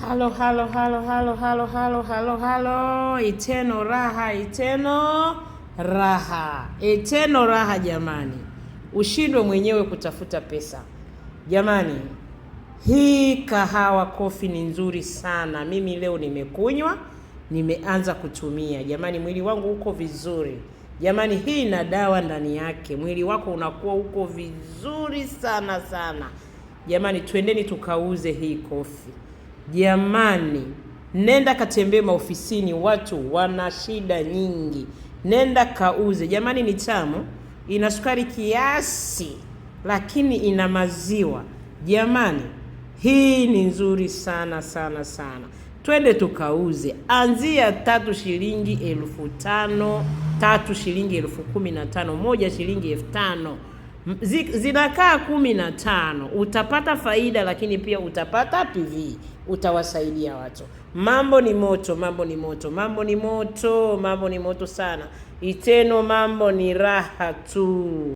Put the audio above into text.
Halo, halo, halo, halo, halo, halo, halo, halo, iteno raha, iteno raha, iteno raha. Jamani, ushindwe mwenyewe kutafuta pesa. Jamani, hii kahawa kofi ni nzuri sana. Mimi leo nimekunywa, nimeanza kutumia. Jamani, mwili wangu uko vizuri. Jamani, hii ina dawa ndani yake. Mwili wako unakuwa uko vizuri sana sana. Jamani, twendeni tukauze hii kofi. Jamani, nenda katembee maofisini, watu wana shida nyingi. Nenda kauze. Jamani, ni tamu, ina sukari kiasi, lakini ina maziwa. Jamani, hii ni nzuri sana sana sana. Twende tukauze, anzia tatu shilingi elfu tano tatu shilingi elfu kumi na tano moja shilingi elfu tano zinakaa kumi na tano Utapata faida, lakini pia utapata PV utawasaidia watu. Mambo ni moto, mambo ni moto, mambo ni moto, mambo ni moto sana. Iteno mambo ni raha tu.